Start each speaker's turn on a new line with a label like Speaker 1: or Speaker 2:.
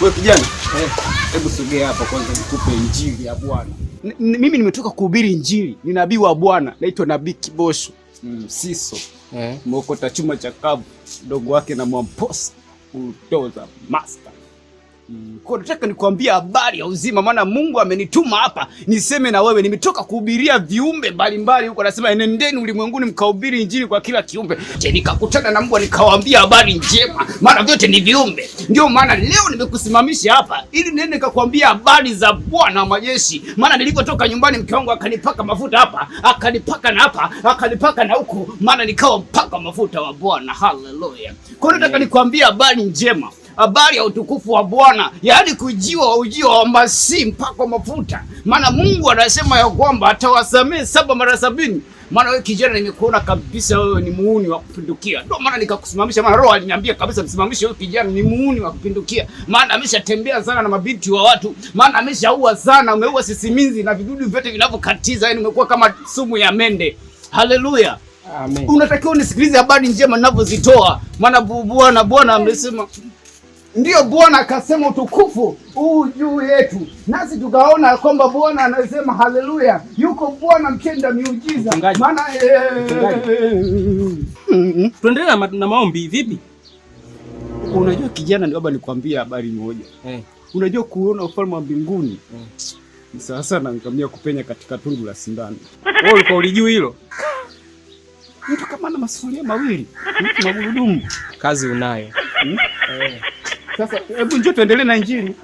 Speaker 1: Wewe kijana, eh, hebu sogea hapa kwanza nikupe injili ya Bwana.
Speaker 2: Mimi nimetoka kuhubiri injili, ni nabii wa Bwana, naitwa Nabii Kibosho
Speaker 1: Msiso mm, eh, mwokota chuma cha kabu, mdogo wake na Mwamposa utoza master kwa nataka nikwambia habari ya uzima, maana Mungu amenituma hapa niseme na wewe. Nimetoka kuhubiria viumbe mbalimbali huko, anasema enendeni ulimwenguni mkahubiri injili kwa kila kiumbe. Je, nikakutana na Mungu nikawaambia habari njema, maana vyote ni viumbe. Ndio maana leo nimekusimamisha hapa ili niende nikakwambia habari za Bwana wa majeshi, maana nilipotoka nyumbani mke wangu akanipaka mafuta hapa, akanipaka na hapa, akanipaka na huko, maana nikawa mpaka mafuta wa Bwana. Haleluya! Kwa nataka nikwambia habari njema habari ya utukufu wa Bwana, yaani kujiwa ujio wa masi mpako mafuta. Maana Mungu anasema ya kwamba atawasamehe saba mara sabini. Maana wewe kijana, nimekuona kabisa wewe ni muuni wa kupindukia, ndio maana nikakusimamisha. Maana roho aliniambia kabisa msimamishe huyu kijana, ni muuni wa kupindukia, maana ameshatembea sana na mabinti wa watu, maana ameshaua sana, umeua sisimizi na vidudu vyote vinavyokatiza, yani umekuwa kama sumu ya mende. Haleluya. Amen. Unatakiwa unisikilize habari njema ninavyozitoa, maana Bwana Bwana amesema Ndiyo Bwana akasema utukufu huu juu yetu, nasi tukaona kwamba Bwana anasema haleluya. Yuko Bwana mtenda miujiza, maana eh, mm-hmm. tuendele na maombi. Vipi, unajua kijana, baba nikwambia habari moja eh. Unajua kuona ufalme wa mbinguni eh. Sasa nangamia kupenya katika tundu la sindano. Wewe ulikuwa ulijua hilo? Mtu kama na masufuria mawili magurudumu,
Speaker 2: kazi unayo hmm?
Speaker 1: eh. Sasa hebu njoo tuendelee na Injili.